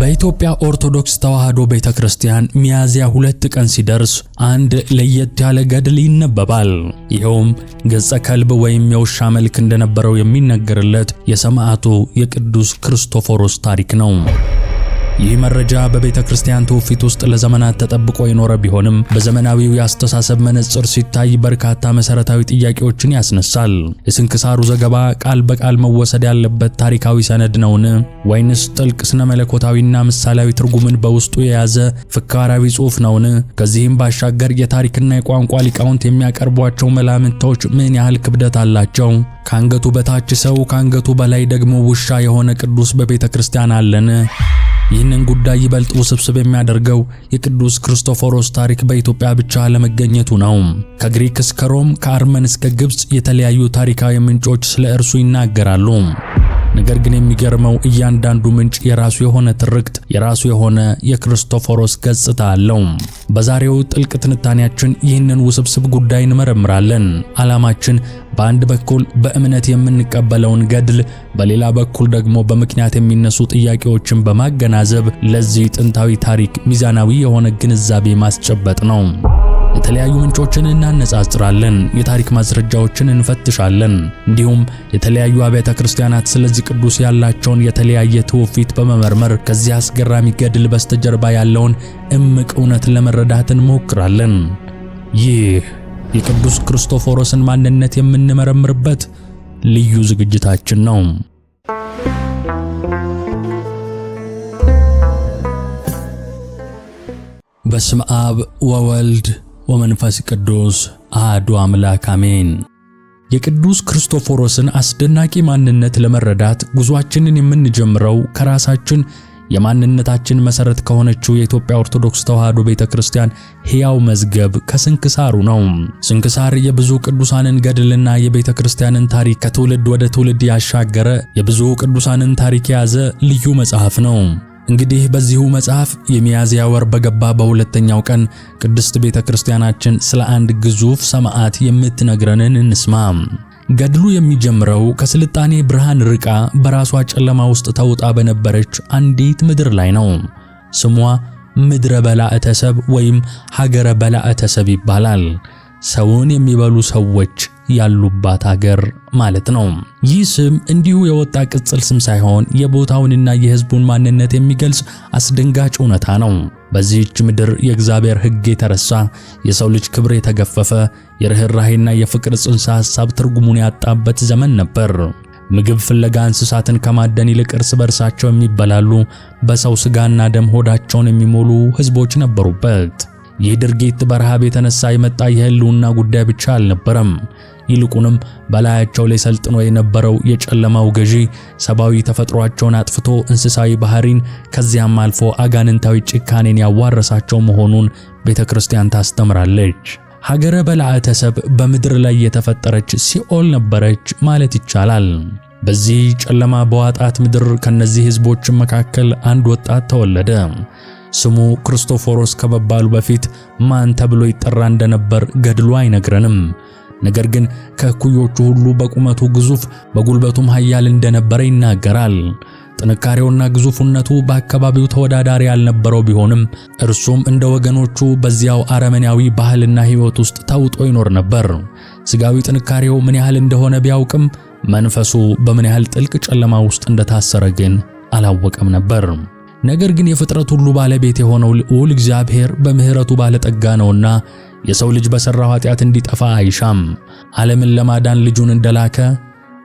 በኢትዮጵያ ኦርቶዶክስ ተዋሕዶ ቤተ ክርስቲያን ሚያዝያ ሁለት ቀን ሲደርስ አንድ ለየት ያለ ገድል ይነበባል። ይኸውም ገጸ ከልብ ወይም የውሻ መልክ እንደነበረው የሚነገርለት የሰማዕቱ የቅዱስ ክርስቶፎሮስ ታሪክ ነው። ይህ መረጃ በቤተ ክርስቲያን ትውፊት ውስጥ ለዘመናት ተጠብቆ የኖረ ቢሆንም በዘመናዊው የአስተሳሰብ መነጽር ሲታይ በርካታ መሰረታዊ ጥያቄዎችን ያስነሳል። የስንክሳሩ ዘገባ ቃል በቃል መወሰድ ያለበት ታሪካዊ ሰነድ ነውን? ወይንስ ጥልቅ ስነ መለኮታዊና ምሳሌያዊ ትርጉምን በውስጡ የያዘ ፍካራዊ ጽሑፍ ነውን? ከዚህም ባሻገር የታሪክና የቋንቋ ሊቃውንት የሚያቀርቧቸው መላምታዎች ምን ያህል ክብደት አላቸው? ከአንገቱ በታች ሰው ከአንገቱ በላይ ደግሞ ውሻ የሆነ ቅዱስ በቤተ ክርስቲያን አለን? ይህንን ጉዳይ ይበልጥ ውስብስብ የሚያደርገው የቅዱስ ክርስቶፎሮስ ታሪክ በኢትዮጵያ ብቻ ለመገኘቱ ነው። ከግሪክ እስከ ሮም፣ ከአርመን እስከ ግብፅ የተለያዩ ታሪካዊ ምንጮች ስለ እርሱ ይናገራሉ። ነገር ግን የሚገርመው እያንዳንዱ ምንጭ የራሱ የሆነ ትርክት፣ የራሱ የሆነ የክርስቶፎሮስ ገጽታ አለው። በዛሬው ጥልቅ ትንታኔያችን ይህንን ውስብስብ ጉዳይ እንመረምራለን። ዓላማችን በአንድ በኩል በእምነት የምንቀበለውን ገድል፣ በሌላ በኩል ደግሞ በምክንያት የሚነሱ ጥያቄዎችን በማገናዘብ ለዚህ ጥንታዊ ታሪክ ሚዛናዊ የሆነ ግንዛቤ ማስጨበጥ ነው። የተለያዩ ምንጮችን እናነጻጽራለን፣ የታሪክ ማስረጃዎችን እንፈትሻለን። እንዲሁም የተለያዩ አብያተ ክርስቲያናት ስለዚህ ቅዱስ ያላቸውን የተለያየ ትውፊት በመመርመር ከዚህ አስገራሚ ገድል በስተጀርባ ያለውን እምቅ እውነት ለመረዳት እንሞክራለን። ይህ የቅዱስ ክርስቶፎሮስን ማንነት የምንመረምርበት ልዩ ዝግጅታችን ነው። በስመ አብ ወወልድ ወመንፈስ ቅዱስ አሐዱ አምላክ አሜን። የቅዱስ ክርስቶፎሮስን አስደናቂ ማንነት ለመረዳት ጉዟችንን የምንጀምረው ከራሳችን የማንነታችን መሰረት ከሆነችው የኢትዮጵያ ኦርቶዶክስ ተዋሕዶ ቤተክርስቲያን ሕያው መዝገብ ከስንክሳሩ ነው። ስንክሳር የብዙ ቅዱሳንን ገድልና የቤተክርስቲያንን ታሪክ ከትውልድ ወደ ትውልድ ያሻገረ የብዙ ቅዱሳንን ታሪክ የያዘ ልዩ መጽሐፍ ነው። እንግዲህ በዚሁ መጽሐፍ የሚያዝያ ወር በገባ በሁለተኛው ቀን ቅድስት ቤተ ክርስቲያናችን ስለ አንድ ግዙፍ ሰማዕት የምትነግረንን እንስማ። ገድሉ የሚጀምረው ከስልጣኔ ብርሃን ርቃ በራሷ ጨለማ ውስጥ ተውጣ በነበረች አንዲት ምድር ላይ ነው። ስሟ ምድረ በላዕተ ሰብ ወይም ሀገረ በላዕተ ሰብእ ይባላል። ሰውን የሚበሉ ሰዎች ያሉባት አገር ማለት ነው። ይህ ስም እንዲሁ የወጣ ቅጽል ስም ሳይሆን የቦታውንና የህዝቡን ማንነት የሚገልጽ አስደንጋጭ እውነታ ነው። በዚህች ምድር የእግዚአብሔር ሕግ የተረሳ፣ የሰው ልጅ ክብር የተገፈፈ፣ የርኅራሄና የፍቅር ጽንሰ ሐሳብ ትርጉሙን ያጣበት ዘመን ነበር። ምግብ ፍለጋ እንስሳትን ከማደን ይልቅ እርስ በርሳቸው የሚበላሉ፣ በሰው ሥጋና ደም ሆዳቸውን የሚሞሉ ሕዝቦች ነበሩበት። ይህ ድርጊት በረሃብ የተነሳ የመጣ የህልውና ጉዳይ ብቻ አልነበረም። ይልቁንም በላያቸው ላይ ሰልጥኖ የነበረው የጨለማው ገዢ ሰብአዊ ተፈጥሯቸውን አጥፍቶ እንስሳዊ ባህሪን ከዚያም አልፎ አጋንንታዊ ጭካኔን ያዋረሳቸው መሆኑን ቤተክርስቲያን ታስተምራለች። ሀገረ በላዕተ ሰብ በምድር ላይ የተፈጠረች ሲኦል ነበረች ማለት ይቻላል። በዚህ ጨለማ በዋጣት ምድር ከነዚህ ህዝቦች መካከል አንድ ወጣት ተወለደ። ስሙ ክርስቶፎሮስ ከመባሉ በፊት ማን ተብሎ ይጠራ እንደነበር ገድሉ አይነግረንም። ነገር ግን ከእኩዮቹ ሁሉ በቁመቱ ግዙፍ በጉልበቱም ኃያል እንደነበረ ይናገራል። ጥንካሬውና ግዙፍነቱ በአካባቢው ተወዳዳሪ ያልነበረው ቢሆንም እርሱም እንደ ወገኖቹ በዚያው አረመኔያዊ ባህልና ሕይወት ውስጥ ተውጦ ይኖር ነበር። ሥጋዊ ጥንካሬው ምን ያህል እንደሆነ ቢያውቅም መንፈሱ በምን ያህል ጥልቅ ጨለማ ውስጥ እንደታሰረ ግን አላወቀም ነበር። ነገር ግን የፍጥረት ሁሉ ባለቤት የሆነው ልዑል እግዚአብሔር በምሕረቱ ባለጠጋ ነውና የሰው ልጅ በሠራው ኃጢአት እንዲጠፋ አይሻም። ዓለምን ለማዳን ልጁን እንደላከ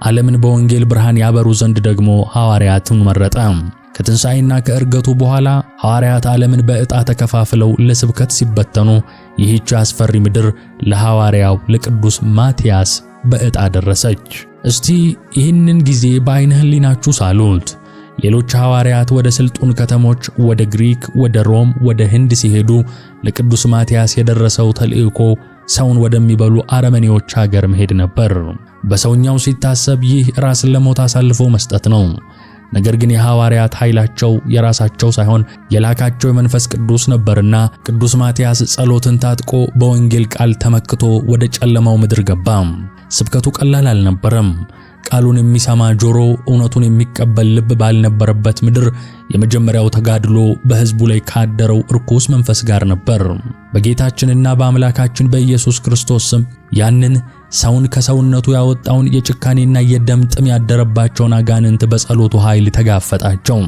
ዓለምን በወንጌል ብርሃን ያበሩ ዘንድ ደግሞ ሐዋርያትን መረጠ። ከትንሣኤና ከእርገቱ በኋላ ሐዋርያት ዓለምን በዕጣ ተከፋፍለው ለስብከት ሲበተኑ ይህች አስፈሪ ምድር ለሐዋርያው ለቅዱስ ማትያስ በዕጣ ደረሰች። እስቲ ይህንን ጊዜ በዓይነ ሕሊናችሁ ሳሉት። ሌሎች ሐዋርያት ወደ ስልጡን ከተሞች ወደ ግሪክ፣ ወደ ሮም፣ ወደ ህንድ ሲሄዱ ለቅዱስ ማትያስ የደረሰው ተልእኮ ሰውን ወደሚበሉ አረመኔዎች ሀገር መሄድ ነበር። በሰውኛው ሲታሰብ ይህ ራስን ለሞት አሳልፎ መስጠት ነው። ነገር ግን የሐዋርያት ኃይላቸው የራሳቸው ሳይሆን የላካቸው የመንፈስ ቅዱስ ነበርና ቅዱስ ማትያስ ጸሎትን ታጥቆ በወንጌል ቃል ተመክቶ ወደ ጨለማው ምድር ገባ። ስብከቱ ቀላል አልነበረም። ቃሉን የሚሰማ ጆሮ፣ እውነቱን የሚቀበል ልብ ባልነበረበት ምድር የመጀመሪያው ተጋድሎ በሕዝቡ ላይ ካደረው እርኩስ መንፈስ ጋር ነበር። በጌታችንና በአምላካችን በኢየሱስ ክርስቶስ ስም ያንን ሰውን ከሰውነቱ ያወጣውን የጭካኔና የደም ጥም ያደረባቸውን አጋንንት በጸሎቱ ኃይል ተጋፈጣቸው።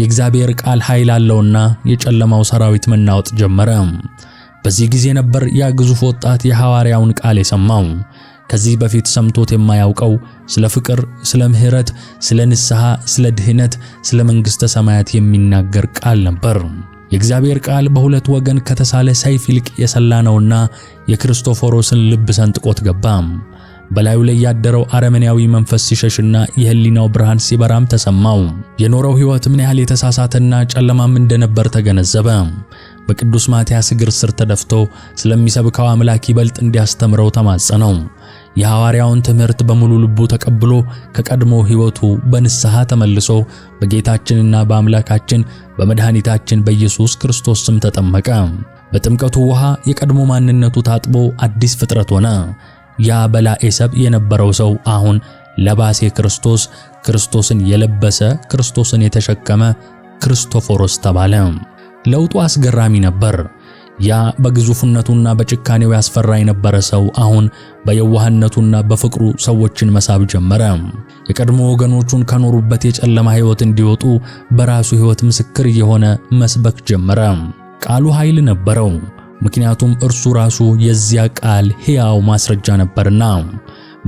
የእግዚአብሔር ቃል ኃይል አለውና የጨለማው ሰራዊት መናወጥ ጀመረ። በዚህ ጊዜ ነበር ያ ግዙፍ ወጣት የሐዋርያውን ቃል የሰማው። ከዚህ በፊት ሰምቶት የማያውቀው ስለ ፍቅር፣ ስለ ምሕረት፣ ስለ ንስሐ፣ ስለ ድህነት፣ ስለ መንግሥተ ሰማያት የሚናገር ቃል ነበር። የእግዚአብሔር ቃል በሁለት ወገን ከተሳለ ሰይፍ ይልቅ የሰላ ነውና የክርስቶፎሮስን ልብ ሰንጥቆት ገባ። በላዩ ላይ ያደረው አረመኔያዊ መንፈስ ሲሸሽና የህሊናው ብርሃን ሲበራም ተሰማው። የኖረው ሕይወት ምን ያህል የተሳሳተና ጨለማም እንደነበር ተገነዘበ። በቅዱስ ማትያስ እግር ስር ተደፍቶ ስለሚሰብከው አምላክ ይበልጥ እንዲያስተምረው ተማጸነው። የሐዋርያውን ትምህርት በሙሉ ልቡ ተቀብሎ ከቀድሞ ሕይወቱ በንስሐ ተመልሶ በጌታችንና በአምላካችን በመድኃኒታችን በኢየሱስ ክርስቶስ ስም ተጠመቀ። በጥምቀቱ ውሃ የቀድሞ ማንነቱ ታጥቦ አዲስ ፍጥረት ሆነ። ያ በላዔሰብ የነበረው ሰው አሁን ለባሴ ክርስቶስ፣ ክርስቶስን የለበሰ፣ ክርስቶስን የተሸከመ ክርስቶፎሮስ ተባለ። ለውጡ አስገራሚ ነበር። ያ በግዙፍነቱና በጭካኔው ያስፈራ የነበረ ሰው አሁን በየዋህነቱና በፍቅሩ ሰዎችን መሳብ ጀመረ። የቀድሞ ወገኖቹን ከኖሩበት የጨለማ ሕይወት እንዲወጡ በራሱ ሕይወት ምስክር እየሆነ መስበክ ጀመረ። ቃሉ ኃይል ነበረው፣ ምክንያቱም እርሱ ራሱ የዚያ ቃል ሕያው ማስረጃ ነበርና።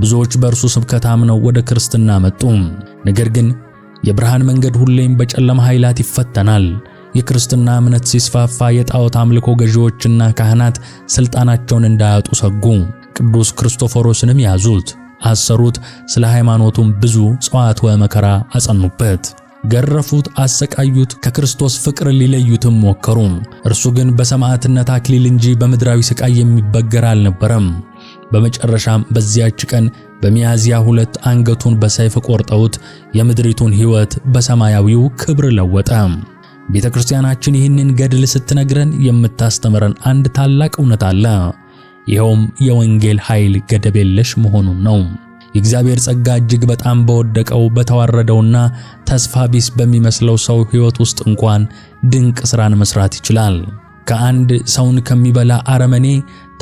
ብዙዎች በእርሱ ስብከት አምነው ወደ ክርስትና መጡ። ነገር ግን የብርሃን መንገድ ሁሌም በጨለማ ኃይላት ይፈተናል። የክርስትና እምነት ሲስፋፋ የጣዖት አምልኮ ገዢዎችና ካህናት ስልጣናቸውን እንዳያጡ ሰጉ። ቅዱስ ክርስቶፎሮስንም ያዙት፣ አሰሩት። ስለ ሃይማኖቱም ብዙ ጽዋዕት ወመከራ አጸኑበት። ገረፉት፣ አሰቃዩት፣ ከክርስቶስ ፍቅር ሊለዩትም ሞከሩ። እርሱ ግን በሰማዕትነት አክሊል እንጂ በምድራዊ ሥቃይ የሚበገር አልነበረም። በመጨረሻም በዚያች ቀን በሚያዝያ ሁለት አንገቱን በሰይፍ ቆርጠውት የምድሪቱን ሕይወት በሰማያዊው ክብር ለወጠ። ቤተ ክርስቲያናችን ይህንን ገድል ስትነግረን የምታስተምረን አንድ ታላቅ እውነት አለ። ይኸውም የወንጌል ኃይል ገደብ የለሽ መሆኑን ነው። የእግዚአብሔር ጸጋ እጅግ በጣም በወደቀው በተዋረደውና ተስፋ ቢስ በሚመስለው ሰው ሕይወት ውስጥ እንኳን ድንቅ ሥራን መስራት ይችላል። ከአንድ ሰውን ከሚበላ አረመኔ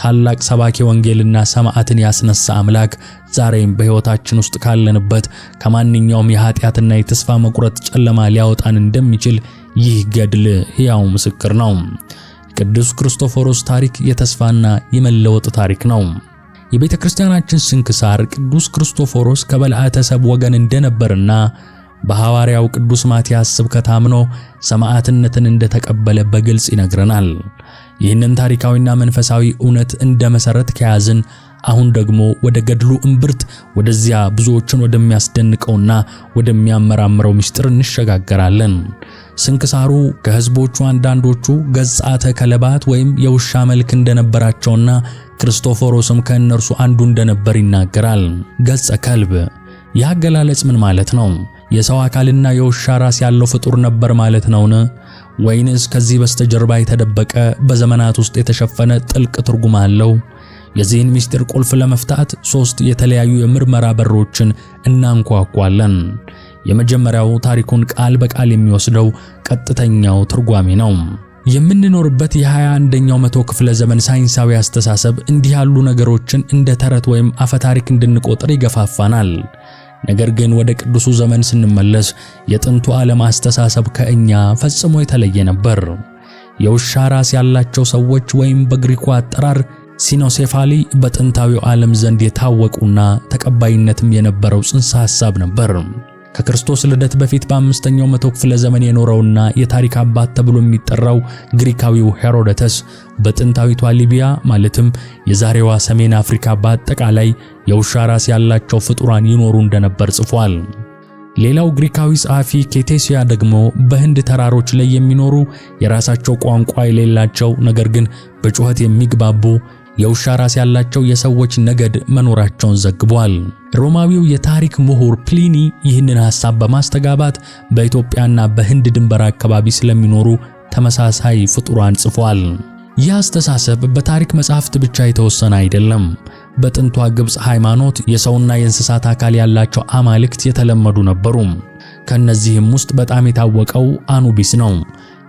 ታላቅ ሰባኪ ወንጌልና ሰማዕትን ያስነሳ አምላክ ዛሬም በሕይወታችን ውስጥ ካለንበት ከማንኛውም የኃጢአትና የተስፋ መቁረጥ ጨለማ ሊያወጣን እንደሚችል ይህ ገድል ሕያው ምስክር ነው። ቅዱስ ክርስቶፎሮስ ታሪክ የተስፋና የመለወጥ ታሪክ ነው። የቤተ ክርስቲያናችን ስንክሳር ቅዱስ ክርስቶፎሮስ ከበልዓተ ሰብ ወገን እንደነበርና በሐዋርያው ቅዱስ ማቲያስ ስብከት አምኖ ሰማዕትነትን እንደተቀበለ በግልጽ ይነግረናል። ይህንን ታሪካዊና መንፈሳዊ እውነት እንደ መሠረት ከያዝን አሁን ደግሞ ወደ ገድሉ እምብርት ወደዚያ ብዙዎችን ወደሚያስደንቀውና ወደሚያመራምረው ምስጢር እንሸጋገራለን። ስንክሳሩ ከህዝቦቹ አንዳንዶቹ ገጻተ ከለባት ወይም የውሻ መልክ እንደነበራቸውና ክርስቶፎሮስም ከእነርሱ አንዱ እንደነበር ይናገራል። ገጸ ከልብ ያገላለጽ ምን ማለት ነው? የሰው አካልና የውሻ ራስ ያለው ፍጡር ነበር ማለት ነውን? ወይንስ ከዚህ በስተጀርባ የተደበቀ በዘመናት ውስጥ የተሸፈነ ጥልቅ ትርጉም አለው? የዚህን ምስጢር ቁልፍ ለመፍታት ሶስት የተለያዩ የምርመራ በሮችን እናንኳኳለን። የመጀመሪያው ታሪኩን ቃል በቃል የሚወስደው ቀጥተኛው ትርጓሜ ነው። የምንኖርበት የ21ኛው መቶ ክፍለ ዘመን ሳይንሳዊ አስተሳሰብ እንዲህ ያሉ ነገሮችን እንደ ተረት ወይም አፈታሪክ እንድንቆጥር ይገፋፋናል። ነገር ግን ወደ ቅዱሱ ዘመን ስንመለስ የጥንቱ ዓለም አስተሳሰብ ከእኛ ፈጽሞ የተለየ ነበር። የውሻ ራስ ያላቸው ሰዎች ወይም በግሪኩ አጠራር ሲኖሴፋሊ በጥንታዊው ዓለም ዘንድ የታወቁና ተቀባይነትም የነበረው ጽንሰ ሐሳብ ነበር። ከክርስቶስ ልደት በፊት በአምስተኛው መቶ ክፍለ ዘመን የኖረውና የታሪክ አባት ተብሎ የሚጠራው ግሪካዊው ሄሮደተስ በጥንታዊቷ ሊቢያ ማለትም የዛሬዋ ሰሜን አፍሪካ በአጠቃላይ የውሻ ራስ ያላቸው ፍጡራን ይኖሩ እንደነበር ጽፏል። ሌላው ግሪካዊ ጸሐፊ ኬቴሲያ ደግሞ በህንድ ተራሮች ላይ የሚኖሩ የራሳቸው ቋንቋ የሌላቸው ነገር ግን በጩኸት የሚግባቡ የውሻ ራስ ያላቸው የሰዎች ነገድ መኖራቸውን ዘግቧል። ሮማዊው የታሪክ ምሁር ፕሊኒ ይህንን ሐሳብ በማስተጋባት በኢትዮጵያና በህንድ ድንበር አካባቢ ስለሚኖሩ ተመሳሳይ ፍጡራን ጽፏል። ይህ አስተሳሰብ በታሪክ መጻሕፍት ብቻ የተወሰነ አይደለም። በጥንቷ ግብፅ ሃይማኖት የሰውና የእንስሳት አካል ያላቸው አማልክት የተለመዱ ነበሩ። ከነዚህም ውስጥ በጣም የታወቀው አኑቢስ ነው፣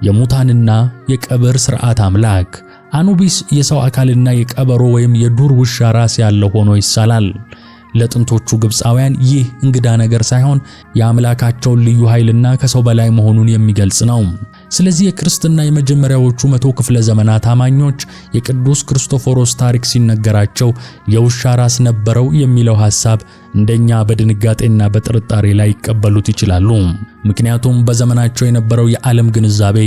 የሙታንና የቀብር ሥርዓት አምላክ አኑቢስ የሰው አካልና የቀበሮ ወይም የዱር ውሻ ራስ ያለው ሆኖ ይሳላል። ለጥንቶቹ ግብፃውያን ይህ እንግዳ ነገር ሳይሆን የአምላካቸውን ልዩ ኃይልና ከሰው በላይ መሆኑን የሚገልጽ ነው። ስለዚህ የክርስትና የመጀመሪያዎቹ መቶ ክፍለ ዘመናት አማኞች የቅዱስ ክርስቶፎሮስ ታሪክ ሲነገራቸው የውሻ ራስ ነበረው የሚለው ሐሳብ እንደኛ በድንጋጤና በጥርጣሬ ላይ ይቀበሉት ይችላሉ። ምክንያቱም በዘመናቸው የነበረው የዓለም ግንዛቤ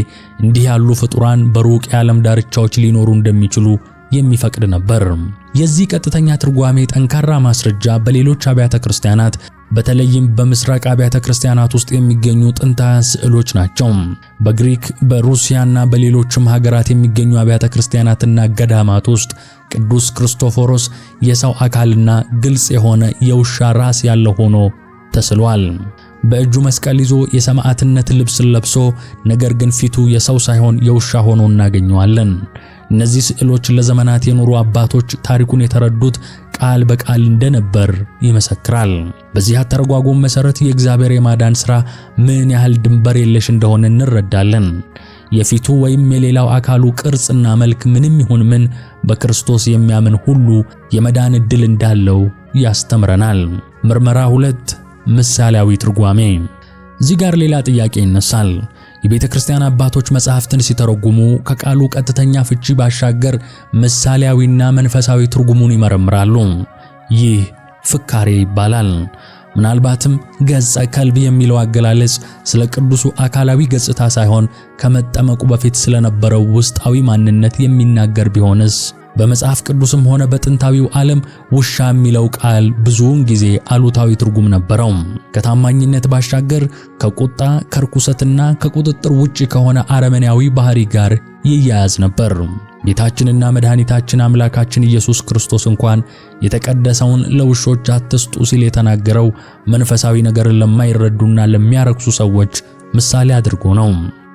እንዲህ ያሉ ፍጡራን በሩቅ የዓለም ዳርቻዎች ሊኖሩ እንደሚችሉ የሚፈቅድ ነበር። የዚህ ቀጥተኛ ትርጓሜ ጠንካራ ማስረጃ በሌሎች አብያተ ክርስቲያናት በተለይም በምስራቅ አብያተ ክርስቲያናት ውስጥ የሚገኙ ጥንታውያን ስዕሎች ናቸው። በግሪክ በሩሲያና በሌሎችም ሀገራት የሚገኙ አብያተ ክርስቲያናትና ገዳማት ውስጥ ቅዱስ ክርስቶፎሮስ የሰው አካልና ግልጽ የሆነ የውሻ ራስ ያለ ሆኖ ተስሏል። በእጁ መስቀል ይዞ የሰማዕትነት ልብስን ለብሶ ነገር ግን ፊቱ የሰው ሳይሆን የውሻ ሆኖ እናገኘዋለን። እነዚህ ስዕሎች ለዘመናት የኖሩ አባቶች ታሪኩን የተረዱት ቃል በቃል እንደነበር ይመሰክራል። በዚህ አተረጓጎም መሰረት የእግዚአብሔር የማዳን ሥራ ምን ያህል ድንበር የለሽ እንደሆነ እንረዳለን። የፊቱ ወይም የሌላው አካሉ ቅርጽና መልክ ምንም ይሁን ምን በክርስቶስ የሚያምን ሁሉ የመዳን ዕድል እንዳለው ያስተምረናል። ምርመራ ሁለት ምሳሌያዊ ትርጓሜ። እዚህ ጋር ሌላ ጥያቄ ይነሳል። የቤተ ክርስቲያን አባቶች መጽሐፍትን ሲተረጉሙ ከቃሉ ቀጥተኛ ፍቺ ባሻገር ምሳሌያዊና መንፈሳዊ ትርጉሙን ይመረምራሉ። ይህ ፍካሬ ይባላል። ምናልባትም ገጸ ከልብ የሚለው አገላለጽ ስለ ቅዱሱ አካላዊ ገጽታ ሳይሆን ከመጠመቁ በፊት ስለነበረው ውስጣዊ ማንነት የሚናገር ቢሆንስ? በመጽሐፍ ቅዱስም ሆነ በጥንታዊው ዓለም ውሻ የሚለው ቃል ብዙውን ጊዜ አሉታዊ ትርጉም ነበረው። ከታማኝነት ባሻገር ከቁጣ ከርኩሰትና ከቁጥጥር ውጪ ከሆነ አረመኔያዊ ባህሪ ጋር ይያያዝ ነበር። ጌታችንና መድኃኒታችን አምላካችን ኢየሱስ ክርስቶስ እንኳን የተቀደሰውን ለውሾች አትስጡ ሲል የተናገረው መንፈሳዊ ነገርን ለማይረዱና ለሚያረክሱ ሰዎች ምሳሌ አድርጎ ነው።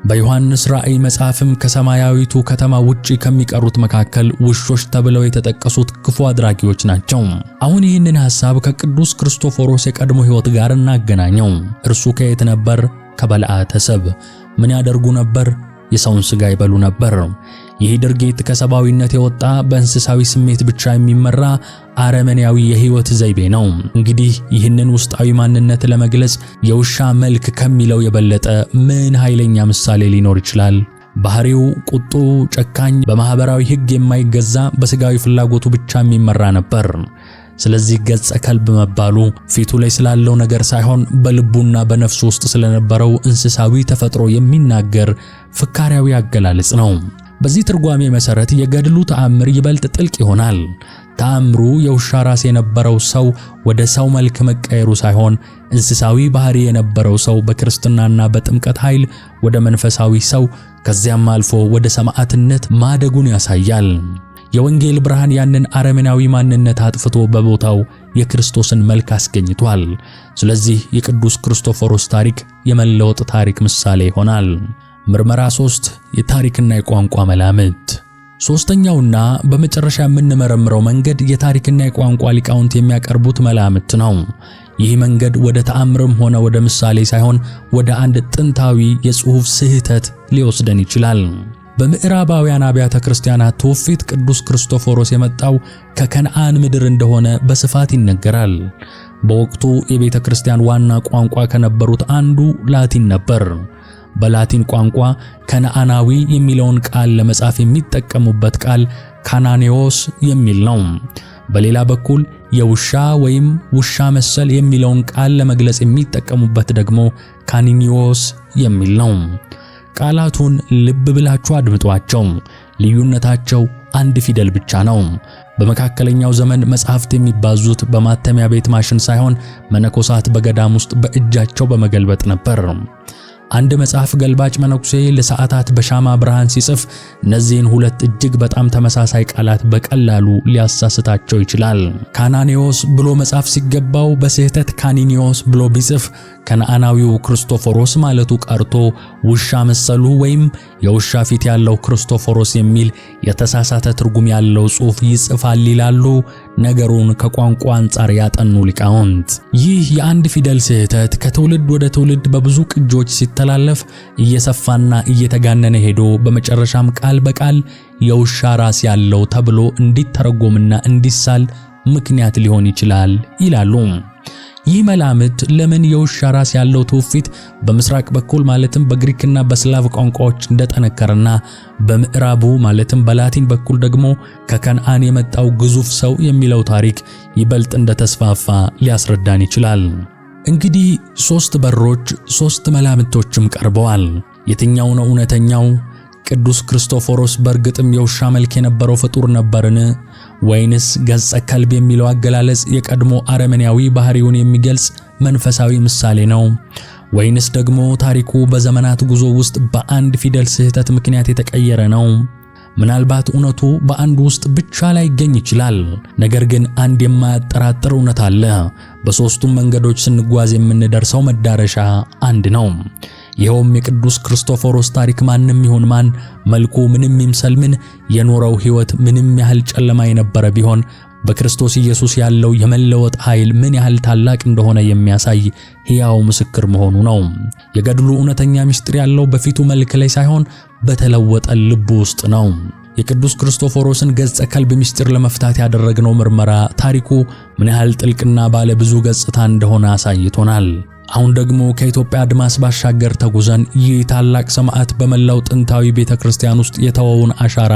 በዮሐንስ ራእይ መጽሐፍም ከሰማያዊቱ ከተማ ውጪ ከሚቀሩት መካከል ውሾች ተብለው የተጠቀሱት ክፉ አድራጊዎች ናቸው። አሁን ይህንን ሐሳብ ከቅዱስ ክርስቶፎሮስ የቀድሞ ሕይወት ጋር እናገናኘው። እርሱ ከየት ነበር? ከበልዓተ ሰብእ። ምን ያደርጉ ነበር? የሰውን ሥጋ ይበሉ ነበር። ይህ ድርጊት ከሰብአዊነት የወጣ በእንስሳዊ ስሜት ብቻ የሚመራ አረመኔያዊ የህይወት ዘይቤ ነው። እንግዲህ ይህንን ውስጣዊ ማንነት ለመግለጽ የውሻ መልክ ከሚለው የበለጠ ምን ኃይለኛ ምሳሌ ሊኖር ይችላል? ባህሪው ቁጡ፣ ጨካኝ፣ በማህበራዊ ህግ የማይገዛ በስጋዊ ፍላጎቱ ብቻ የሚመራ ነበር። ስለዚህ ገጸ ከልብ መባሉ ፊቱ ላይ ስላለው ነገር ሳይሆን በልቡና በነፍሱ ውስጥ ስለነበረው እንስሳዊ ተፈጥሮ የሚናገር ፍካሪያዊ አገላለጽ ነው። በዚህ ትርጓሜ መሰረት የገድሉ ተአምር ይበልጥ ጥልቅ ይሆናል። ተአምሩ የውሻ ራስ የነበረው ሰው ወደ ሰው መልክ መቀየሩ ሳይሆን እንስሳዊ ባህሪ የነበረው ሰው በክርስትናና በጥምቀት ኃይል ወደ መንፈሳዊ ሰው ከዚያም አልፎ ወደ ሰማዕትነት ማደጉን ያሳያል። የወንጌል ብርሃን ያንን አረመናዊ ማንነት አጥፍቶ በቦታው የክርስቶስን መልክ አስገኝቷል። ስለዚህ የቅዱስ ክርስቶፎሮስ ታሪክ የመለወጥ ታሪክ ምሳሌ ይሆናል። ምርመራ 3 የታሪክና የቋንቋ መላምት። ሶስተኛውና በመጨረሻ የምንመረምረው መንገድ የታሪክና የቋንቋ ሊቃውንት የሚያቀርቡት መላምት ነው። ይህ መንገድ ወደ ተአምርም ሆነ ወደ ምሳሌ ሳይሆን ወደ አንድ ጥንታዊ የጽሑፍ ስህተት ሊወስደን ይችላል። በምዕራባውያን አብያተ ክርስቲያናት ትውፊት ቅዱስ ክርስቶፎሮስ የመጣው ከከነዓን ምድር እንደሆነ በስፋት ይነገራል። በወቅቱ የቤተ ክርስቲያን ዋና ቋንቋ ከነበሩት አንዱ ላቲን ነበር። በላቲን ቋንቋ ከነአናዊ የሚለውን ቃል ለመጻፍ የሚጠቀሙበት ቃል ካናኔዎስ የሚል ነው። በሌላ በኩል የውሻ ወይም ውሻ መሰል የሚለውን ቃል ለመግለጽ የሚጠቀሙበት ደግሞ ካኒኒዎስ የሚል ነው። ቃላቱን ልብ ብላችሁ አድምጧቸው። ልዩነታቸው አንድ ፊደል ብቻ ነው። በመካከለኛው ዘመን መጻሕፍት የሚባዙት በማተሚያ ቤት ማሽን ሳይሆን መነኮሳት በገዳም ውስጥ በእጃቸው በመገልበጥ ነበር። አንድ መጽሐፍ ገልባጭ መነኩሴ ለሰዓታት በሻማ ብርሃን ሲጽፍ እነዚህን ሁለት እጅግ በጣም ተመሳሳይ ቃላት በቀላሉ ሊያሳስታቸው ይችላል። ካናኔዎስ ብሎ መጽሐፍ ሲገባው በስህተት ካኒኒዎስ ብሎ ቢጽፍ ከነአናዊው ክርስቶፎሮስ ማለቱ ቀርቶ ውሻ መሰሉ ወይም የውሻ ፊት ያለው ክርስቶፎሮስ የሚል የተሳሳተ ትርጉም ያለው ጽሑፍ ይጽፋል ይላሉ ነገሩን ከቋንቋ አንጻር ያጠኑ ሊቃውንት። ይህ የአንድ ፊደል ስህተት ከትውልድ ወደ ትውልድ በብዙ ቅጆች ሲተላለፍ እየሰፋና እየተጋነነ ሄዶ በመጨረሻም ቃል በቃል የውሻ ራስ ያለው ተብሎ እንዲተረጎምና እንዲሳል ምክንያት ሊሆን ይችላል ይላሉ። ይህ መላምት ለምን የውሻ ራስ ያለው ትውፊት በምስራቅ በኩል ማለትም በግሪክና በስላቭ ቋንቋዎች እንደጠነከረና በምዕራቡ ማለትም በላቲን በኩል ደግሞ ከከነአን የመጣው ግዙፍ ሰው የሚለው ታሪክ ይበልጥ እንደተስፋፋ ሊያስረዳን ይችላል። እንግዲህ ሶስት በሮች ሶስት መላምቶችም ቀርበዋል። የትኛው ነው እውነተኛው? ቅዱስ ክርስቶፎሮስ በእርግጥም የውሻ መልክ የነበረው ፍጡር ነበርን ወይንስ ገጸ ከልብ የሚለው አገላለጽ የቀድሞ አረመኔያዊ ባህሪውን የሚገልጽ መንፈሳዊ ምሳሌ ነው? ወይንስ ደግሞ ታሪኩ በዘመናት ጉዞ ውስጥ በአንድ ፊደል ስህተት ምክንያት የተቀየረ ነው? ምናልባት እውነቱ በአንድ ውስጥ ብቻ ላይገኝ ይችላል። ነገር ግን አንድ የማያጠራጥር እውነት አለ። በሦስቱም መንገዶች ስንጓዝ የምንደርሰው መዳረሻ አንድ ነው። ይኸውም የቅዱስ ክርስቶፎሮስ ታሪክ ማንም ይሁን ማን መልኩ ምንም ይምሰል ምን የኖረው ሕይወት ምንም ያህል ጨለማ የነበረ ቢሆን በክርስቶስ ኢየሱስ ያለው የመለወጥ ኃይል ምን ያህል ታላቅ እንደሆነ የሚያሳይ ሕያው ምስክር መሆኑ ነው። የገድሉ እውነተኛ ምስጢር ያለው በፊቱ መልክ ላይ ሳይሆን በተለወጠ ልብ ውስጥ ነው። የቅዱስ ክርስቶፎሮስን ገጸ ከልብ ምስጢር ለመፍታት ያደረግነው ምርመራ ታሪኩ ምን ያህል ጥልቅና ባለ ብዙ ገጽታ እንደሆነ አሳይቶናል። አሁን ደግሞ ከኢትዮጵያ አድማስ ባሻገር ተጉዘን ይህ ታላቅ ሰማዕት በመላው ጥንታዊ ቤተ ክርስቲያን ውስጥ የተወውን አሻራ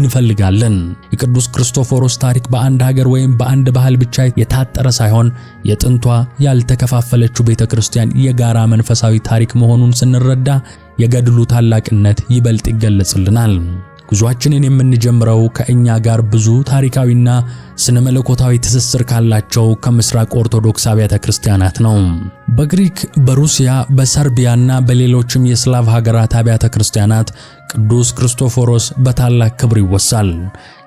እንፈልጋለን። የቅዱስ ክርስቶፎሮስ ታሪክ በአንድ ሀገር ወይም በአንድ ባህል ብቻ የታጠረ ሳይሆን የጥንቷ ያልተከፋፈለችው ቤተ ክርስቲያን የጋራ መንፈሳዊ ታሪክ መሆኑን ስንረዳ የገድሉ ታላቅነት ይበልጥ ይገለጽልናል። ጉዟችንን የምንጀምረው ከእኛ ጋር ብዙ ታሪካዊና ስነ መለኮታዊ ትስስር ካላቸው ከምስራቅ ኦርቶዶክስ አብያተ ክርስቲያናት ነው። በግሪክ፣ በሩሲያ፣ በሰርቢያና በሌሎችም የስላቭ ሀገራት አብያተ ክርስቲያናት ቅዱስ ክርስቶፎሮስ በታላቅ ክብር ይወሳል።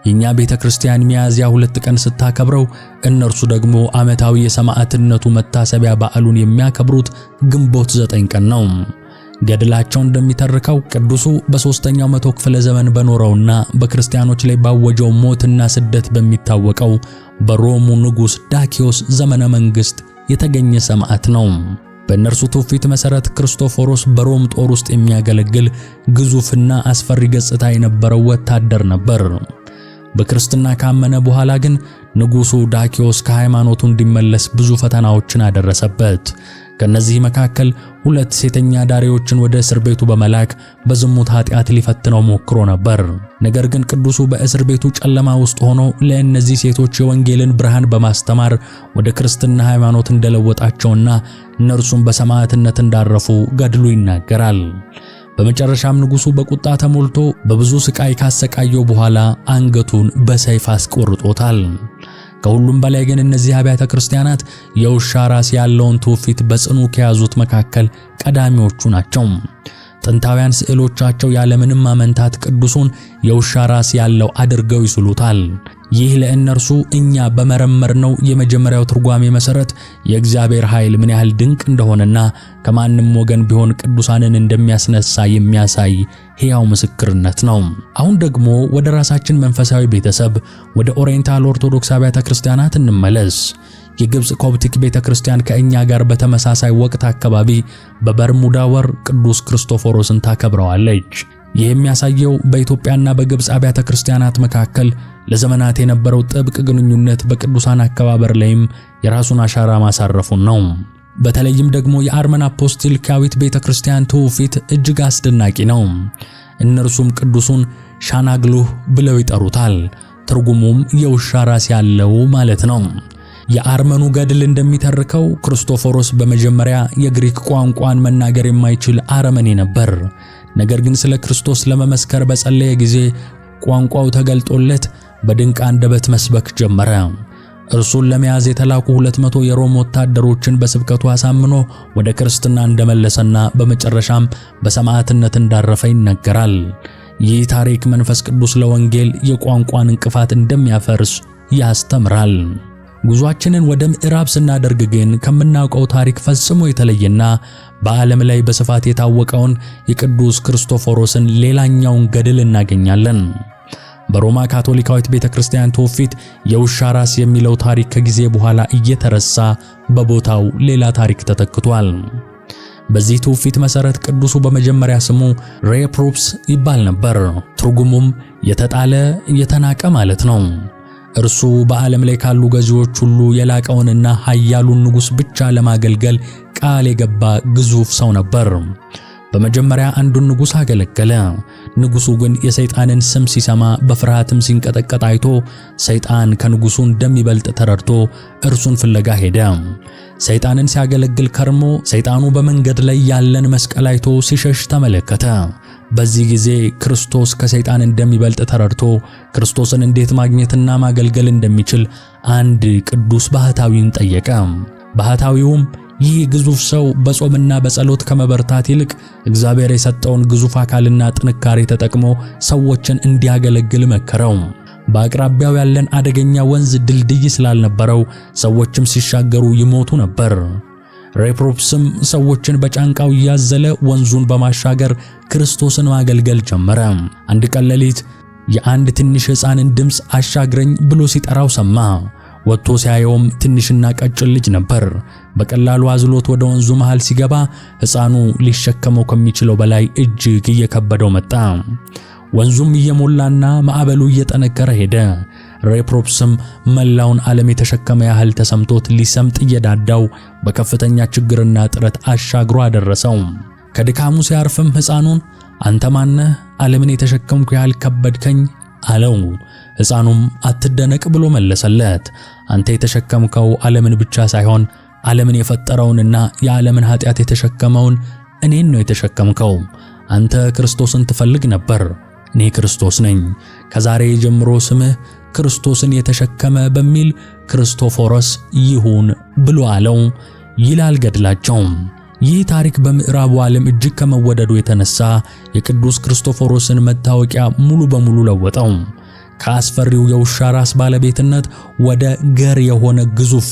የእኛ ቤተ ክርስቲያን ሚያዝያ ሁለት ቀን ስታከብረው፣ እነርሱ ደግሞ ዓመታዊ የሰማዕትነቱ መታሰቢያ በዓሉን የሚያከብሩት ግንቦት ዘጠኝ ቀን ነው። ገድላቸው እንደሚተርከው ቅዱሱ በሦስተኛው መቶ ክፍለ ዘመን በኖረውና በክርስቲያኖች ላይ ባወጀው ሞትና ስደት በሚታወቀው በሮሙ ንጉሥ ዳኪዮስ ዘመነ መንግሥት የተገኘ ሰማዕት ነው። በእነርሱ ትውፊት መሠረት ክርስቶፎሮስ በሮም ጦር ውስጥ የሚያገለግል ግዙፍና አስፈሪ ገጽታ የነበረው ወታደር ነበር። በክርስትና ካመነ በኋላ ግን ንጉሡ ዳኪዮስ ከሃይማኖቱ እንዲመለስ ብዙ ፈተናዎችን አደረሰበት። ከነዚህ መካከል ሁለት ሴተኛ ዳሪዎችን ወደ እስር ቤቱ በመላክ በዝሙት ኃጢአት ሊፈትነው ሞክሮ ነበር። ነገር ግን ቅዱሱ በእስር ቤቱ ጨለማ ውስጥ ሆኖ ለእነዚህ ሴቶች የወንጌልን ብርሃን በማስተማር ወደ ክርስትና ሃይማኖት እንደለወጣቸውና እነርሱም በሰማዕትነት እንዳረፉ ገድሉ ይናገራል። በመጨረሻም ንጉሡ በቁጣ ተሞልቶ በብዙ ስቃይ ካሰቃየው በኋላ አንገቱን በሰይፍ አስቆርጦታል። ከሁሉም በላይ ግን እነዚህ አብያተ ክርስቲያናት የውሻ ራስ ያለውን ትውፊት በጽኑ ከያዙት መካከል ቀዳሚዎቹ ናቸው። ጥንታውያን ስዕሎቻቸው ያለምንም አመንታት ቅዱሱን የውሻ ራስ ያለው አድርገው ይስሉታል። ይህ ለእነርሱ እኛ በመረመርነው የመጀመሪያው ትርጓሜ መሰረት የእግዚአብሔር ኃይል ምን ያህል ድንቅ እንደሆነና ከማንም ወገን ቢሆን ቅዱሳንን እንደሚያስነሳ የሚያሳይ ሕያው ምስክርነት ነው። አሁን ደግሞ ወደ ራሳችን መንፈሳዊ ቤተሰብ ወደ ኦሪየንታል ኦርቶዶክስ አብያተ ክርስቲያናት እንመለስ። የግብፅ ኮፕቲክ ቤተ ክርስቲያን ከእኛ ጋር በተመሳሳይ ወቅት አካባቢ በበርሙዳ ወር ቅዱስ ክርስቶፎሮስን ታከብረዋለች። ይህ የሚያሳየው በኢትዮጵያና በግብፅ አብያተ ክርስቲያናት መካከል ለዘመናት የነበረው ጥብቅ ግንኙነት በቅዱሳን አከባበር ላይም የራሱን አሻራ ማሳረፉን ነው። በተለይም ደግሞ የአርመን አፖስቶሊካዊት ቤተ ክርስቲያን ትውፊት እጅግ አስደናቂ ነው። እነርሱም ቅዱሱን ሻናግሉህ ብለው ይጠሩታል። ትርጉሙም የውሻ ራስ ያለው ማለት ነው። የአርመኑ ገድል እንደሚተርከው ክርስቶፎሮስ በመጀመሪያ የግሪክ ቋንቋን መናገር የማይችል አረመኔ ነበር። ነገር ግን ስለ ክርስቶስ ለመመስከር በጸለየ ጊዜ ቋንቋው ተገልጦለት በድንቅ አንደበት መስበክ ጀመረ። እርሱን ለመያዝ የተላኩ ሁለት መቶ የሮም ወታደሮችን በስብከቱ አሳምኖ ወደ ክርስትና እንደመለሰና በመጨረሻም በሰማዕትነት እንዳረፈ ይነገራል። ይህ ታሪክ መንፈስ ቅዱስ ለወንጌል የቋንቋን እንቅፋት እንደሚያፈርስ ያስተምራል። ጉዟችንን ወደ ምዕራብ ስናደርግ ግን ከምናውቀው ታሪክ ፈጽሞ የተለየና በዓለም ላይ በስፋት የታወቀውን የቅዱስ ክርስቶፎሮስን ሌላኛውን ገድል እናገኛለን። በሮማ ካቶሊካዊት ቤተክርስቲያን ትውፊት የውሻ ራስ የሚለው ታሪክ ከጊዜ በኋላ እየተረሳ በቦታው ሌላ ታሪክ ተተክቷል። በዚህ ትውፊት መሰረት ቅዱሱ በመጀመሪያ ስሙ ሬፕሩፕስ ይባል ነበር። ትርጉሙም የተጣለ የተናቀ ማለት ነው። እርሱ በዓለም ላይ ካሉ ገዢዎች ሁሉ የላቀውንና ኃያሉን ንጉሥ ብቻ ለማገልገል ቃል የገባ ግዙፍ ሰው ነበር። በመጀመሪያ አንዱን ንጉሥ አገለገለ። ንጉሡ ግን የሰይጣንን ስም ሲሰማ በፍርሃትም ሲንቀጠቀጥ አይቶ ሰይጣን ከንጉሡ እንደሚበልጥ ተረድቶ እርሱን ፍለጋ ሄደ። ሰይጣንን ሲያገለግል ከርሞ ሰይጣኑ በመንገድ ላይ ያለን መስቀል አይቶ ሲሸሽ ተመለከተ። በዚህ ጊዜ ክርስቶስ ከሰይጣን እንደሚበልጥ ተረድቶ ክርስቶስን እንዴት ማግኘትና ማገልገል እንደሚችል አንድ ቅዱስ ባህታዊን ጠየቀ። ባህታዊውም ይህ ግዙፍ ሰው በጾምና በጸሎት ከመበርታት ይልቅ እግዚአብሔር የሰጠውን ግዙፍ አካልና ጥንካሬ ተጠቅሞ ሰዎችን እንዲያገለግል መከረው። በአቅራቢያው ያለን አደገኛ ወንዝ ድልድይ ስላልነበረው ሰዎችም ሲሻገሩ ይሞቱ ነበር። ሬፕሮፕስም ሰዎችን በጫንቃው እያዘለ ወንዙን በማሻገር ክርስቶስን ማገልገል ጀመረ። አንድ ቀን ሌሊት የአንድ ትንሽ ሕፃንን ድምፅ አሻግረኝ ብሎ ሲጠራው ሰማ። ወጥቶ ሲያየውም ትንሽና ቀጭን ልጅ ነበር። በቀላሉ አዝሎት ወደ ወንዙ መሃል ሲገባ ሕፃኑ ሊሸከመው ከሚችለው በላይ እጅግ እየከበደው መጣ። ወንዙም እየሞላና ማዕበሉ እየጠነከረ ሄደ። ሬፕሮፕስም መላውን ዓለም የተሸከመ ያህል ተሰምቶት ሊሰምጥ እየዳዳው በከፍተኛ ችግርና ጥረት አሻግሮ አደረሰው። ከድካሙ ሲያርፍም ሕፃኑን አንተ ማነህ ዓለምን የተሸከምኩ ያህል ከበድከኝ አለው። ሕፃኑም አትደነቅ ብሎ መለሰለት። አንተ የተሸከምከው ዓለምን ብቻ ሳይሆን ዓለምን የፈጠረውንና የዓለምን ኃጢአት የተሸከመውን እኔን ነው የተሸከምከው። አንተ ክርስቶስን ትፈልግ ነበር፣ እኔ ክርስቶስ ነኝ። ከዛሬ ጀምሮ ስምህ ክርስቶስን የተሸከመ በሚል ክርስቶፎሮስ ይሁን ብሎ አለው ይላል ገድላቸው። ይህ ታሪክ በምዕራቡ ዓለም እጅግ ከመወደዱ የተነሳ የቅዱስ ክርስቶፎሮስን መታወቂያ ሙሉ በሙሉ ለወጠው። ከአስፈሪው የውሻ ራስ ባለቤትነት ወደ ገር የሆነ ግዙፍ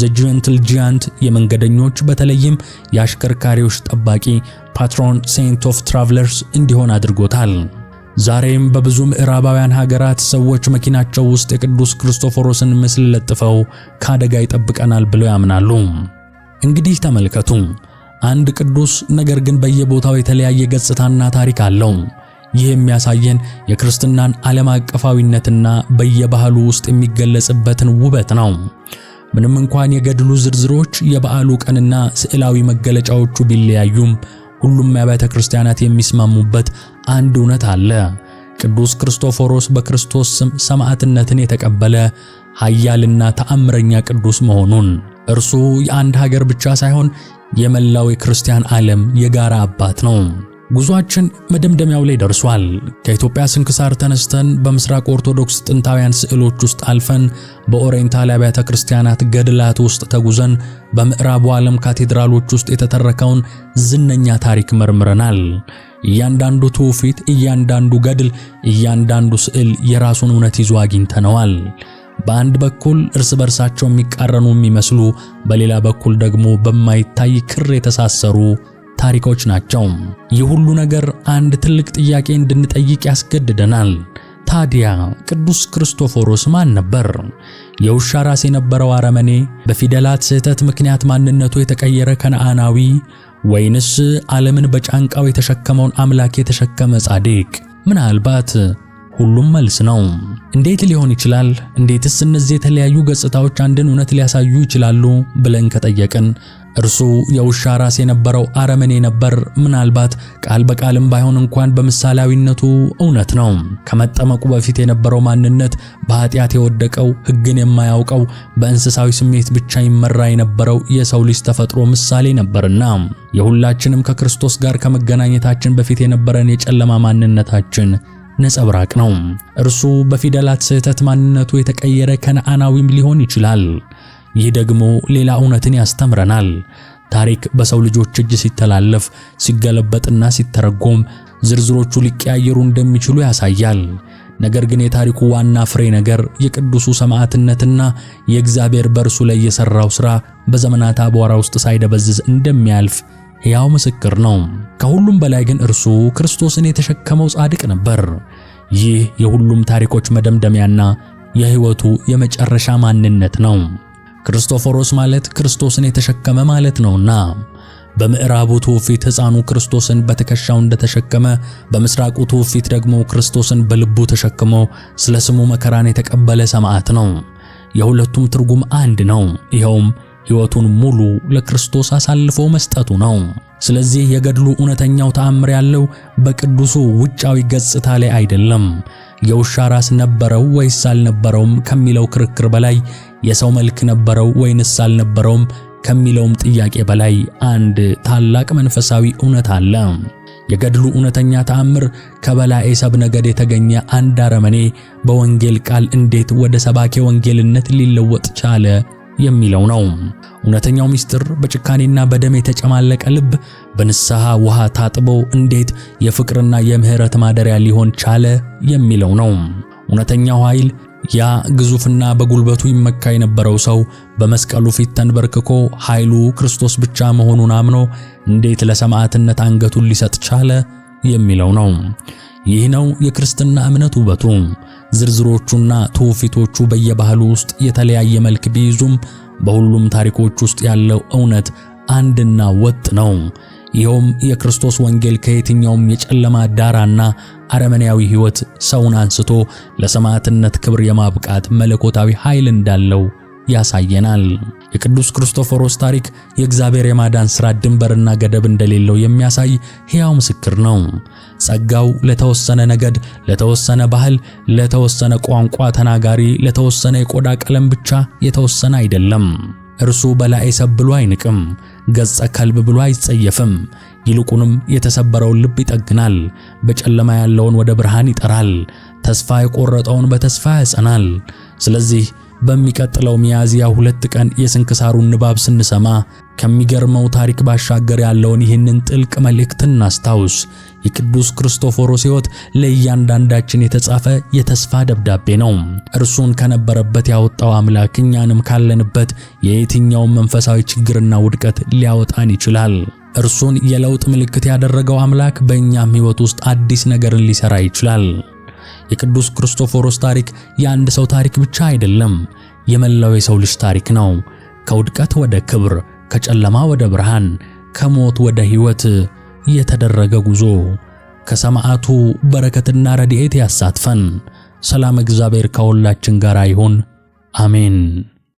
ዘ ጀንትል ጂያንት የመንገደኞች በተለይም የአሽከርካሪዎች ጠባቂ ፓትሮን ሴንት ኦፍ ትራቨለርስ እንዲሆን አድርጎታል። ዛሬም በብዙ ምዕራባውያን ሀገራት ሰዎች መኪናቸው ውስጥ የቅዱስ ክርስቶፎሮስን ምስል ለጥፈው ከአደጋ ይጠብቀናል ብለው ያምናሉ። እንግዲህ ተመልከቱ፣ አንድ ቅዱስ ነገር ግን በየቦታው የተለያየ ገጽታና ታሪክ አለው። ይህ የሚያሳየን የክርስትናን ዓለም አቀፋዊነትና በየባህሉ ውስጥ የሚገለጽበትን ውበት ነው። ምንም እንኳን የገድሉ ዝርዝሮች፣ የበዓሉ ቀንና ስዕላዊ መገለጫዎቹ ቢለያዩም ሁሉም አብያተ ክርስቲያናት የሚስማሙበት አንድ እውነት አለ። ቅዱስ ክርስቶፎሮስ በክርስቶስ ስም ሰማዕትነትን የተቀበለ ኃያልና ተአምረኛ ቅዱስ መሆኑን እርሱ የአንድ ሀገር ብቻ ሳይሆን የመላው የክርስቲያን ዓለም የጋራ አባት ነው። ጉዟችን መደምደሚያው ላይ ደርሷል። ከኢትዮጵያ ስንክሳር ተነስተን በምስራቅ ኦርቶዶክስ ጥንታውያን ስዕሎች ውስጥ አልፈን በኦሪየንታል አብያተ ክርስቲያናት ገድላት ውስጥ ተጉዘን በምዕራቡ ዓለም ካቴድራሎች ውስጥ የተተረከውን ዝነኛ ታሪክ መርምረናል። እያንዳንዱ ትውፊት፣ እያንዳንዱ ገድል፣ እያንዳንዱ ስዕል የራሱን እውነት ይዞ አግኝተነዋል። በአንድ በኩል እርስ በርሳቸው የሚቃረኑ የሚመስሉ፣ በሌላ በኩል ደግሞ በማይታይ ክር የተሳሰሩ ታሪኮች ናቸው። ይህ ሁሉ ነገር አንድ ትልቅ ጥያቄ እንድንጠይቅ ያስገድደናል። ታዲያ ቅዱስ ክርስቶፎሮስ ማን ነበር? የውሻ ራስ የነበረው አረመኔ፣ በፊደላት ስህተት ምክንያት ማንነቱ የተቀየረ ከነዓናዊ፣ ወይንስ ዓለምን በጫንቃው የተሸከመውን አምላክ የተሸከመ ጻድቅ? ምናልባት ሁሉም መልስ ነው። እንዴት ሊሆን ይችላል? እንዴትስ እነዚህ የተለያዩ ገጽታዎች አንድን እውነት ሊያሳዩ ይችላሉ? ብለን ከጠየቅን እርሱ የውሻ ራስ የነበረው አረመኔ ነበር። ምናልባት ቃል በቃልም ባይሆን እንኳን በምሳሌያዊነቱ እውነት ነው። ከመጠመቁ በፊት የነበረው ማንነት በኃጢአት የወደቀው ሕግን የማያውቀው በእንስሳዊ ስሜት ብቻ ይመራ የነበረው የሰው ልጅ ተፈጥሮ ምሳሌ ነበርና የሁላችንም ከክርስቶስ ጋር ከመገናኘታችን በፊት የነበረን የጨለማ ማንነታችን ነጸብራቅ ነው። እርሱ በፊደላት ስህተት ማንነቱ የተቀየረ ከነአናዊም ሊሆን ይችላል። ይህ ደግሞ ሌላ እውነትን ያስተምረናል። ታሪክ በሰው ልጆች እጅ ሲተላለፍ፣ ሲገለበጥና ሲተረጎም ዝርዝሮቹ ሊቀያየሩ እንደሚችሉ ያሳያል። ነገር ግን የታሪኩ ዋና ፍሬ ነገር የቅዱሱ ሰማዕትነትና የእግዚአብሔር በእርሱ ላይ የሰራው ሥራ በዘመናት አቧራ ውስጥ ሳይደበዝዝ እንደሚያልፍ ሕያው ምስክር ነው። ከሁሉም በላይ ግን እርሱ ክርስቶስን የተሸከመው ጻድቅ ነበር። ይህ የሁሉም ታሪኮች መደምደሚያና የሕይወቱ የመጨረሻ ማንነት ነው። ክርስቶፎሮስ ማለት ክርስቶስን የተሸከመ ማለት ነውና በምዕራቡ ትውፊት ሕፃኑ ክርስቶስን በትከሻው እንደተሸከመ፣ በምስራቁ ትውፊት ደግሞ ክርስቶስን በልቡ ተሸክሞ ስለ ስሙ መከራን የተቀበለ ሰማዕት ነው። የሁለቱም ትርጉም አንድ ነው። ይኸውም ሕይወቱን ሙሉ ለክርስቶስ አሳልፎ መስጠቱ ነው። ስለዚህ የገድሉ እውነተኛው ተአምር ያለው በቅዱሱ ውጫዊ ገጽታ ላይ አይደለም። የውሻ ራስ ነበረው ወይስ አልነበረውም ከሚለው ክርክር በላይ የሰው መልክ ነበረው ወይንስ አልነበረውም ከሚለውም ጥያቄ በላይ አንድ ታላቅ መንፈሳዊ እውነት አለ። የገድሉ እውነተኛ ተአምር ከበላዔ ሰብ ነገድ የተገኘ አንድ አረመኔ በወንጌል ቃል እንዴት ወደ ሰባኬ ወንጌልነት ሊለወጥ ቻለ የሚለው ነው። እውነተኛው ምስጢር በጭካኔና በደም የተጨማለቀ ልብ በንስሐ ውሃ ታጥቦ እንዴት የፍቅርና የምህረት ማደሪያ ሊሆን ቻለ የሚለው ነው። እውነተኛው ኃይል ያ ግዙፍና በጉልበቱ ይመካ የነበረው ሰው በመስቀሉ ፊት ተንበርክኮ ኃይሉ ክርስቶስ ብቻ መሆኑን አምኖ እንዴት ለሰማዕትነት አንገቱን ሊሰጥ ቻለ የሚለው ነው። ይህ ነው የክርስትና እምነት ውበቱ። ዝርዝሮቹና ትውፊቶቹ በየባህሉ ውስጥ የተለያየ መልክ ቢይዙም በሁሉም ታሪኮች ውስጥ ያለው እውነት አንድና ወጥ ነው። ይኸውም የክርስቶስ ወንጌል ከየትኛውም የጨለማ ዳራና አረመኔያዊ ሕይወት ሰውን አንስቶ ለሰማዕትነት ክብር የማብቃት መለኮታዊ ኃይል እንዳለው ያሳየናል። የቅዱስ ክርስቶፎሮስ ታሪክ የእግዚአብሔር የማዳን ሥራ ድንበርና ገደብ እንደሌለው የሚያሳይ ሕያው ምስክር ነው። ጸጋው ለተወሰነ ነገድ፣ ለተወሰነ ባህል፣ ለተወሰነ ቋንቋ ተናጋሪ፣ ለተወሰነ የቆዳ ቀለም ብቻ የተወሰነ አይደለም። እርሱ በላዔሰብ ብሎ አይንቅም፣ ገጸ ከልብ ብሎ አይጸየፍም። ይልቁንም የተሰበረውን ልብ ይጠግናል፣ በጨለማ ያለውን ወደ ብርሃን ይጠራል፣ ተስፋ የቆረጠውን በተስፋ ያጸናል። ስለዚህ በሚቀጥለው ሚያዝያ ሁለት ቀን የስንክሳሩን ንባብ ስንሰማ ከሚገርመው ታሪክ ባሻገር ያለውን ይህንን ጥልቅ መልእክት እናስታውስ። የቅዱስ ክርስቶፎሮስ ሕይወት ለእያንዳንዳችን የተጻፈ የተስፋ ደብዳቤ ነው። እርሱን ከነበረበት ያወጣው አምላክ እኛንም ካለንበት የየትኛውን መንፈሳዊ ችግርና ውድቀት ሊያወጣን ይችላል። እርሱን የለውጥ ምልክት ያደረገው አምላክ በእኛም ሕይወት ውስጥ አዲስ ነገርን ሊሰራ ይችላል። የቅዱስ ክርስቶፎሮስ ታሪክ የአንድ ሰው ታሪክ ብቻ አይደለም፣ የመላው የሰው ልጅ ታሪክ ነው። ከውድቀት ወደ ክብር፣ ከጨለማ ወደ ብርሃን፣ ከሞት ወደ ሕይወት የተደረገ ጉዞ። ከሰማዕቱ በረከትና ረድኤት ያሳትፈን። ሰላም እግዚአብሔር ከሁላችን ጋር ይሁን። አሜን።